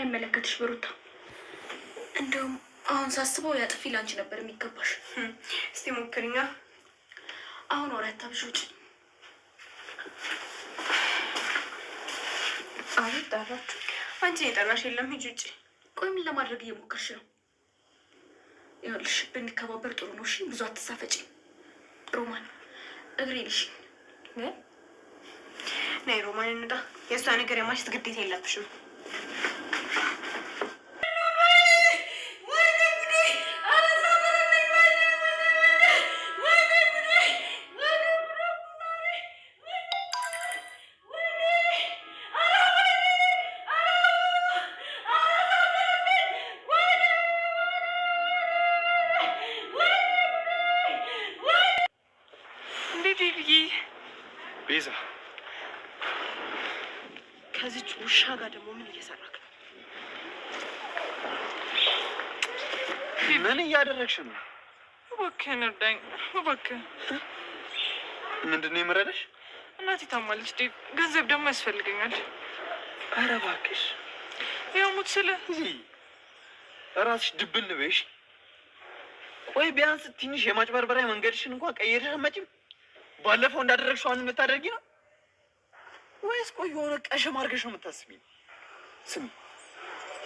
አይመለከትሽ ብሩታ። እንደውም አሁን ሳስበው ያ ጥፊ ላንቺ ነበር የሚገባሽ። እስቲ ሞክርኛ። አሁን ወራት አብሽ ውጭ። አቤት ጠራችሁ? አንቺን የጠራሽ የለም። ሂጂ ውጭ። ቆይ ምን ለማድረግ እየሞከርሽ ነው? ይኸውልሽ ብንከባበር ጥሩ ነው። እሺ ብዙ አትሳፈጪ። ሮማን እግሬ ልሽ ናይ ሮማን እንጣ የእሷ ነገር የማሽት ግዴታ የለብሽም። ነብዬ ቤዛ፣ ከዚች ውሻ ጋር ደግሞ ምን እየሰራክ ነው? ምን እያደረግሽ ነው? እባክህን እርዳኝ፣ እባክህን። ምንድን ነው የምረዳሽ? እናቴ ታማለች፣ ገንዘብ ደግሞ ያስፈልገኛል። ኧረ እባክሽ ያሙት ስለ ራስሽ ድብን በይሽ። ቆይ ቢያንስ ትንሽ የማጭበርበሪያ መንገድሽን እንኳን ቀይረሽ መጪም ባለፈው እንዳደረግሽው አሁን የምታደርጊ ነው ወይስ ቆይ የሆነ ቀሸም አድርገሽ ነው የምታስቢ? ስሚ፣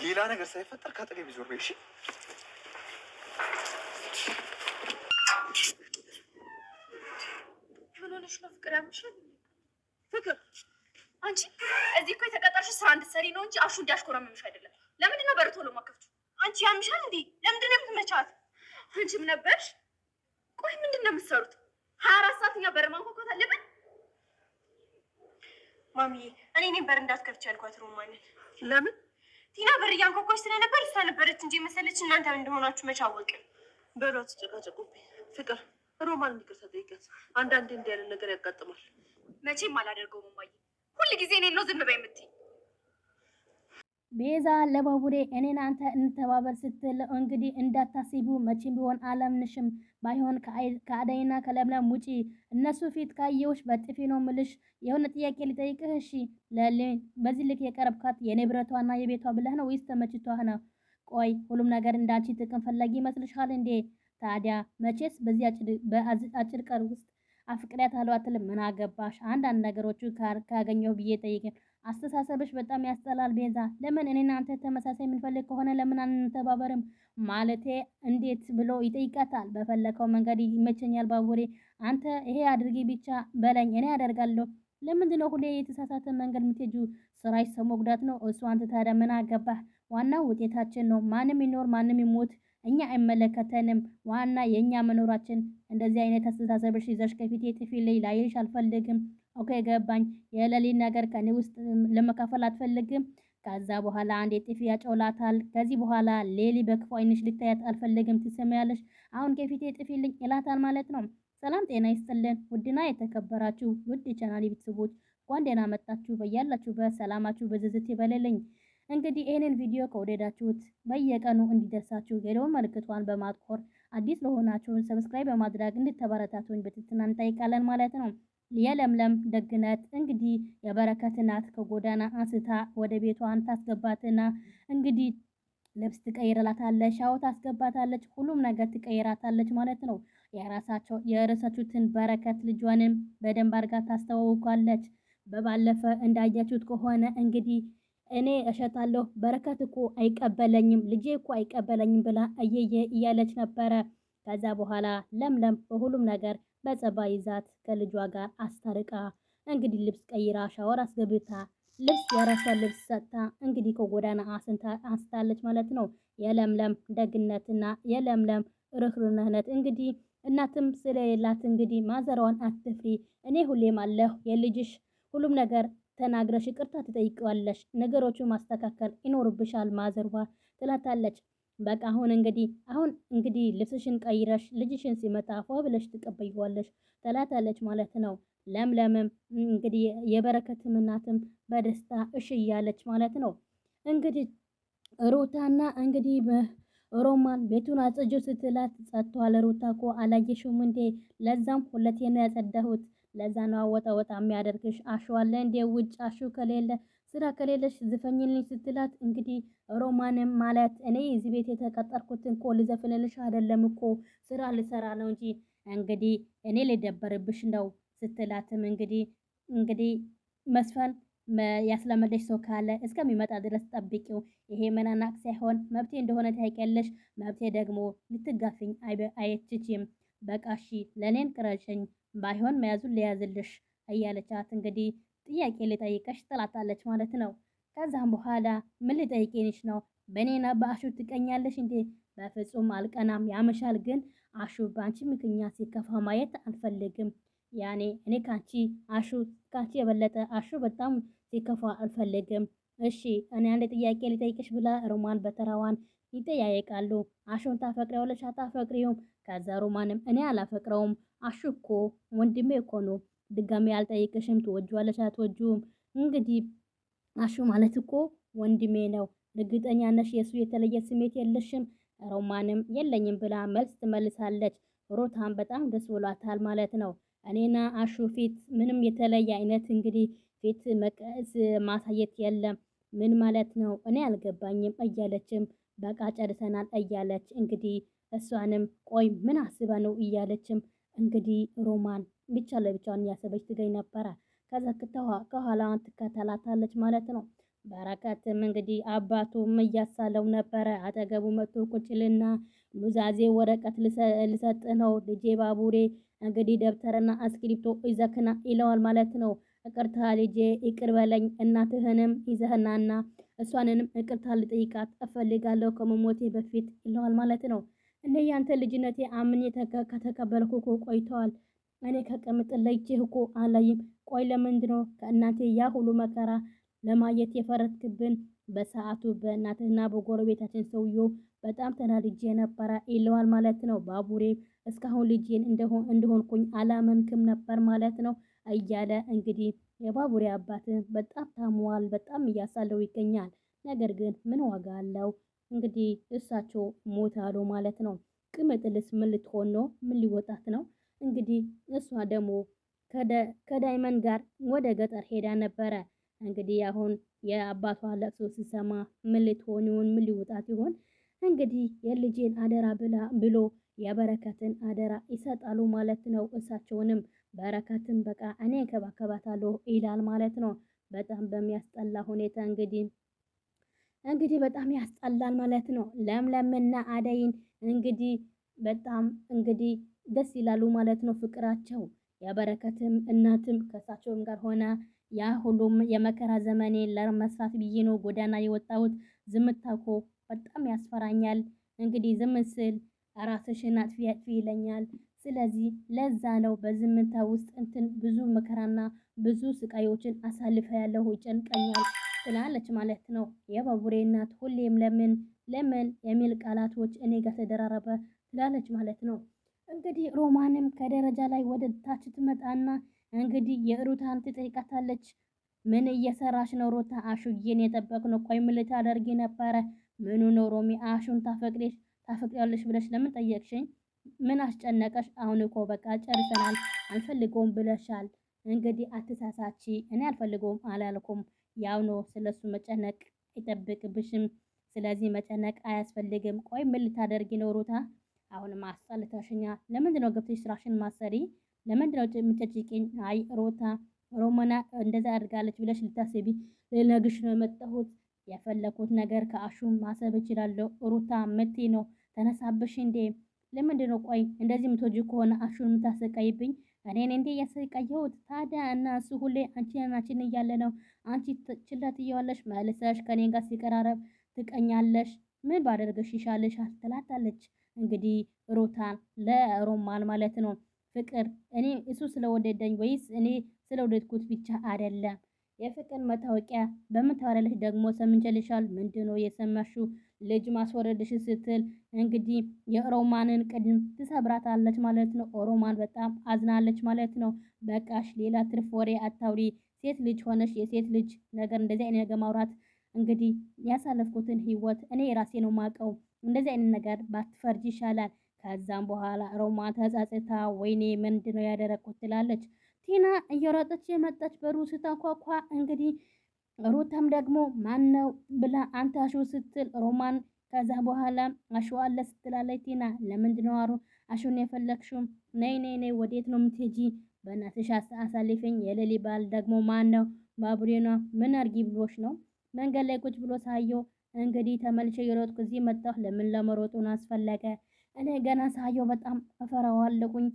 ሌላ ነገር ሳይፈጠር ከአጠገቤ ዞር በይ እሺ። ምን ነው ፍቅር? ያምሻል ፍቅር። አንቺ እዚህ እኮ የተቀጠርሽው ስራ እንድትሰሪ ነው እንጂ አሹ እንዲያሽኮረምምሽ አይደለም። ለምንድን ነው በርቶሎ ማከፍቱ? አንቺ ያምሻል እንዴ? ለምንድን ነው የምትመቻት? አንቺም ነበርሽ። ቆይ ምንድን ነው የምትሰሩት? ሀያ አራት ሰዓት እኛ በር ማንኳኳት አለብን። ማሚዬ እኔ እኔ በር እንዳትከፍቺ ያልኳት ሮማንን። ለምን ቲና በር እያንኳኳች ስለነበር እሷ ነበረች እንጂ መሰለች። እናንተ እንደሆናችሁ መቼ አወቅን? በሏ ትጨቃጨቁብኝ። ፍቅር ሮማን እንዲቅርታ ጠይቃት። አንዳንዴ እንዲህ ያለ ነገር ያጋጥማል። መቼም አላደርገውም። ማየ ሁል ጊዜ እኔ ነው ዝም በይ የምትይኝ ቤዛ ለባቡሬ እኔን አንተ እንተባበር ስትል እንግዲህ እንዳታስቡ መቼም ቢሆን አላምንሽም፣ ባይሆን ከአደይና ከለምለም ውጪ እነሱ ፊት ካየውሽ በጥፊ ነው ምልሽ። የሆነ ጥያቄ ሊጠይቅህ እሺ ለሌ በዚህ ልክ የቀረብካት የንብረቷና የቤቷ ብለህ ነው ወይስ ተመችቷህ ነው? ቆይ ሁሉም ነገር እንዳንቺ ጥቅም ፈላጊ ይመስልሻል እንዴ? ታዲያ መቼስ በዚህ አጭር ቀር ውስጥ አፍቅሪያታለሁ አትልም? ምን አገባሽ? አንዳንድ ነገሮቹ ካገኘሁ ብዬ ጠይቅን አስተሳሰብሽ በጣም ያስጠላል ቤዛ። ለምን እኔና አንተ ተመሳሳይ የምንፈልግ ከሆነ ለምን አንተባበርም? ማለቴ እንዴት ብሎ ይጠይቃታል። በፈለከው መንገድ ይመቸኛል ባቡሬ፣ አንተ ይሄ አድርጊ ብቻ በለኝ እኔ አደርጋለሁ። ለምንድን ነው ሁሌ የተሳሳተ መንገድ የምትሄጁ? ስራሽ ሰው መጉዳት ነው እሱ። አንተ ታዲያ ምን አገባህ? ዋናው ውጤታችን ነው። ማንም ይኖር ማንም ይሞት እኛ አይመለከተንም። ዋና የእኛ መኖራችን። እንደዚህ አይነት አስተሳሰብሽ ይዘሽ ከፊቴ ጥፊ ላይ አልፈልግም። ኦኬ ገባኝ። የሌሊት ነገር ከኔ ውስጥ ለመካፈል አትፈልግም። ከዛ በኋላ አንዴ ጥፊ ያጨውላታል። ከዚህ በኋላ ሌሊ በክፉ ዓይንሽ ልታያት አልፈልግም። ትሰማያለሽ? አሁን ከፊቴ ጥፊልኝ ይላታል ማለት ነው። ሰላም ጤና ይስጥልን ውድና የተከበራችሁ ውድ የቻናሌ ቤተሰቦች እንኳን ደህና መጣችሁ። በያላችሁበት ሰላማችሁ በዝዝት ይበልልኝ። እንግዲህ ይህንን ቪዲዮ ከወደዳችሁት በየቀኑ እንዲደርሳችሁ የደወል ምልክቷን በማጥቆር አዲስ ለሆናችሁ ሰብስክራይብ በማድረግ እንድትበረታቱኝ በትህትና እንጠይቃለን ማለት ነው። የለምለም ደግነት እንግዲህ የበረከት እናት ከጎዳና አንስታ ወደ ቤቷን ታስገባትና እንግዲህ ልብስ ትቀይርላታለች፣ ሻወር ታስገባታለች፣ ሁሉም ነገር ትቀይራታለች ማለት ነው። የራሳቸው የረሳችሁትን በረከት ልጇንም በደንብ አድርጋ ታስተዋውቃለች። በባለፈ እንዳያችሁት ከሆነ እንግዲህ እኔ እሸጣለሁ በረከት እኮ አይቀበለኝም፣ ልጄ እኮ አይቀበለኝም ብላ እየየ እያለች ነበረ። ከዛ በኋላ ለምለም በሁሉም ነገር በጸባ ይዛት ከልጇ ጋር አስታርቃ እንግዲህ ልብስ ቀይራ ሻወር አስገብታ ልብስ የራሷ ልብስ ሰጥታ እንግዲህ ከጎዳና አንስታለች ማለት ነው። የለምለም ደግነትና የለምለም ርህሩህነት እንግዲህ እናትም ስለሌላት እንግዲህ ማዘሯን አትፍሪ፣ እኔ ሁሌም አለሁ የልጅሽ ሁሉም ነገር ተናግረሽ ይቅርታ ትጠይቀዋለሽ። ነገሮቹ ማስተካከል ይኖርብሻል ማዘርዋ ትላታለች። በቃ አሁን እንግዲህ አሁን እንግዲህ ልብስሽን ቀይረሽ ልጅሽን ሲመጣ ፏ ብለሽ ትቀበይዋለሽ ትላታለች ማለት ነው። ለምለምም እንግዲህ የበረከትም እናትም በደስታ እሽ እያለች ማለት ነው። እንግዲህ ሩታና እንግዲህ ሮማን ቤቱን አጽጁ ስትላት ጸጥቷል። ሩታ እኮ አላየሽውም እንዴ? ለዛም ሁለቴ ነው ያጸዳሁት ለዛ ነው ወታ ወታ የሚያደርግሽ። አሸዋለ እንዴ ውጭ አሹ ከሌለ ስራ ከሌለሽ ዝፈኝልኝ ስትላት እንግዲህ ሮማንም ማለት እኔ እዚህ ቤት የተቀጠርኩትን እኮ ልዘፍንልሽ አይደለም እኮ ስራ ልሰራ ነው እንጂ እንግዲህ እኔ ልደበርብሽ ነው ስትላትም እንግዲህ እንግዲህ መስፈን ያስለመደሽ ሰው ካለ እስከሚመጣ ድረስ ጠብቂው። ይሄ መናናቅ ሳይሆን መብቴ እንደሆነ ታይቀለሽ። መብቴ ደግሞ ልትጋፍኝ አይችችም። በቃሺ ለእኔን ቅረሽኝ ባይሆን መያዙን ሊያዝልሽ እያለቻት እንግዲህ ጥያቄ ልጠይቀሽ ትላታለች ማለት ነው። ከዛም በኋላ ምን ልጠይቄንሽ ነው? በእኔና በአሹ ትቀኛለሽ እንዴ? በፍጹም አልቀናም። ያመሻል ግን አሹ በአንቺ ምክንያት ሲከፋ ማየት አልፈልግም። ያኔ እኔ ካንቺ አሹ ካንቺ የበለጠ አሹ በጣም ሲከፋ አልፈልግም። እሺ እኔ አንድ ጥያቄ ልጠይቅሽ ብላ ሮማን በተራዋን ይጠያየቃሉ። አሹን ታፈቅሪዋለሽ አታፈቅሪውም? ከዛ ሮማንም እኔ አላፈቅረውም አሹ እኮ ወንድሜ እኮ ነው፣ ድጋሚ አልጠይቅሽም፣ ትወጂዋለሽ አትወጂውም። እንግዲህ አሹ ማለት እኮ ወንድሜ ነው። እርግጠኛ ነሽ የሱ የተለየ ስሜት የለሽም? ሮማንም የለኝም ብላ መልስ ትመልሳለች። ሮታን በጣም ደስ ብሏታል ማለት ነው። እኔና አሹ ፊት ምንም የተለየ አይነት እንግዲህ ፊት መቀስ ማሳየት የለም። ምን ማለት ነው እኔ አልገባኝም እያለችም በቃ ጨርሰናል እያለች እንግዲህ እሷንም ቆይ ምን አስበ ነው እያለችም እንግዲህ ሮማን ብቻ ለብቻውን እያሰበች ትገኝ ነበረ። ከዛ ከኋላዋን ትከተላታለች ማለት ነው። በረከትም እንግዲህ አባቱም እያሳለው ነበረ። አጠገቡ መቶ ቁጭልና ኑዛዜ ወረቀት ልሰጥ ነው ልጄ ባቡሬ እንግዲህ ደብተርና አስክሪፕቶ ይዘክና ይለዋል ማለት ነው። እቅርታ ልጄ ይቅር በለኝ እናትህንም ይዘህናና እሷንንም እቅርታ ልጠይቃት እፈልጋለሁ ከመሞቴ በፊት ይለዋል ማለት ነው። እኔ ያንተ ልጅነቴ አምኜ ከተቀበልኩ እኮ ቆይተዋል። እኔ ከቅምጥ ለይቼ እኮ አላይም። ቆይ ለምንድን ነው ከእናቴ ያ ሁሉ መከራ ለማየት የፈረትክብን በሰዓቱ በእናትና በጎረቤታችን ሰውዮ በጣም ተናድጄ ነበረ ይለዋል ማለት ነው። ባቡሬ እስካሁን ልጄን እንደሆንኩኝ አላመንክም ነበር ማለት ነው እያለ እንግዲህ የባቡሬ አባት በጣም ታሟል፣ በጣም እያሳለው ይገኛል። ነገር ግን ምን ዋጋ አለው? እንግዲህ እሳቸው ሞታሉ ማለት ነው። ቅምጥልስ ምን ልትሆን ነው? ምን ሊወጣት ነው? እንግዲህ እሷ ደግሞ ከዳይመን ጋር ወደ ገጠር ሄዳ ነበረ። እንግዲህ አሁን የአባቷ ለቅሶ ሲሰማ ምን ልትሆን ይሆን? ምን ሊወጣት ይሆን? እንግዲህ የልጄን አደራ ብላ ብሎ የበረከትን አደራ ይሰጣሉ ማለት ነው። እሳቸውንም በረከትን በቃ እኔ እንከባከባታለሁ ይላል ማለት ነው። በጣም በሚያስጠላ ሁኔታ እንግዲህ እንግዲህ በጣም ያስጠላል ማለት ነው። ለምለምና አደይን እንግዲህ በጣም እንግዲህ ደስ ይላሉ ማለት ነው ፍቅራቸው። የበረከትም እናትም ከእሳቸውም ጋር ሆነ ያ ሁሉም የመከራ ዘመኔ ለመስራት ብዬ ነው ጎዳና የወጣሁት። ዝምታ እኮ በጣም ያስፈራኛል። እንግዲህ ዝም ስል ራስሽን አጥፊ አጥፊ ይለኛል። ስለዚህ ለዛ ነው በዝምታ ውስጥ እንትን ብዙ መከራና ብዙ ስቃዮችን አሳልፈ ያለሁ ይጨንቀኛል። ጥላለች ማለት ነው። የባቡሬ እናት ሁሌም ለምን ለምን የሚል ቃላቶች እኔ ጋር ተደራረበ ትላለች ማለት ነው። እንግዲህ ሮማንም ከደረጃ ላይ ወደ ታች ትመጣና እንግዲህ የሩታን ትጠይቃታለች። ምን እየሰራሽ ነው ሩታ? አሹዬን ነው ቆይ ምን ልታደርጊ ነበረ? ምኑ ነው ሮሚ? አሹን ታፈቅሪሽ ታፈቅሪያለሽ ብለሽ ለምን ጠየቅሽኝ? ምን አስጨነቀሽ? አሁን እኮ በቃ ጨርሰናል፣ አልፈልገውም ብለሻል። እንግዲህ አትሳሳቺ፣ እኔ አልፈልገውም አላልኩም ያው ነው። ስለሱ መጨነቅ አይጠብቅብሽም። ስለዚህ መጨነቅ አያስፈልግም። ቆይ ምን ልታደርጊ ነው ሩታ? አሁን አስጠልተሽኛ። ለምንድን ነው ገብተሽ ስራሽን ማሰሪ? ለምንድን ነው የምትጨጭቂኝ? አይ ሩታ ሮማና እንደዛ አድርጋለች ብለሽ ልታስቢ ልነግሽ ነው የመጣሁት። የፈለኩት ነገር ከአሹም ማሰብ እችላለሁ። ሩታ መቴ ነው ተነሳብሽ እንዴ? ለምንድን ነው ቆይ እንደዚህ የምትወጂው ከሆነ አሹን የምታሰቃይብኝ እኔን እንዴ ያሰቃየሁት ታዲያ? እና እሱ ሁሌ አንቺን አንቺን እያለ ነው። አንቺ ችላ ትየዋለሽ፣ መልሰሽ ከኔ ጋር ሲቀራረብ ትቀኛለሽ። ምን ባደርግሽ ይሻልሻል? ትላታለች። እንግዲህ ሩታን ለሮማን ማለት ነው ፍቅር እኔ እሱ ስለወደደኝ ወይስ እኔ ስለወደድኩት ብቻ አይደለም የፍቅር መታወቂያ በምታወራለሽ ደግሞ ሰምንችልሻል። ምንድን ነው የሰማሽው? ልጅ ማስወረድሽ ስትል እንግዲህ የሮማንን ቅድም ትሰብራታለች ማለት ነው። ሮማን በጣም አዝናለች ማለት ነው። በቃሽ፣ ሌላ ትርፍ ወሬ አታውሪ። ሴት ልጅ ሆነሽ የሴት ልጅ ነገር እንደዚህ አይነት ነገር ማውራት እንግዲህ ያሳለፍኩትን ህይወት እኔ ራሴ ነው ማቀው። እንደዚህ አይነት ነገር ባትፈርጅ ይሻላል። ከዛም በኋላ ሮማን ተጸጽታ ወይኔ ምንድነው ያደረግኩት ትላለች። ቲና እየሮጠች የመጣች በሩ ስታንኳኳ እንግዲህ ሩታም ደግሞ ማን ነው ብላ አንተ አሹ ስትል ሮማን ከዛ በኋላ አሹ አለ ስትላለች ቲና ለምንድን ነው አሩ አሹን የፈለግሽው? ነይ ነይ ነይ፣ ወዴት ነው የምትሄጂ? በእናትሽ አሳልፈኝ። የሌሊ ባል ደግሞ ማን ነው? ባቡሬኗ ምን አርጊ ብሎሽ ነው? መንገድ ላይ ቁጭ ብሎ ሳየው እንግዲህ ተመልሼ የሮጥኩ እዚህ መጣሁ። ለምን ለመሮጡን አስፈለገ? እኔ ገና ሳየው በጣም እፈራዋለሁኝ።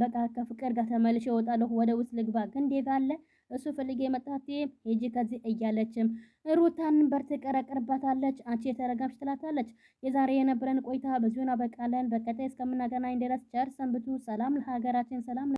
በቃ ከፍቅር ጋር ተመልሼ እወጣለሁ፣ ወደ ውስጥ ልግባ። ግን ዴቭ አለ እሱ ፈልጌ መጣቴ ሂጂ ከዚህ እያለችም ሩታን በር ትቀረቅርባታለች። አንቺ የተረጋግሽ ትላታለች። የዛሬ የነበረን ቆይታ በዚሁን አበቃለን። በቀጣይ እስከምናገናኝ ድረስ ቸር ሰንብቱ። ሰላም ለሀገራችን፣ ሰላም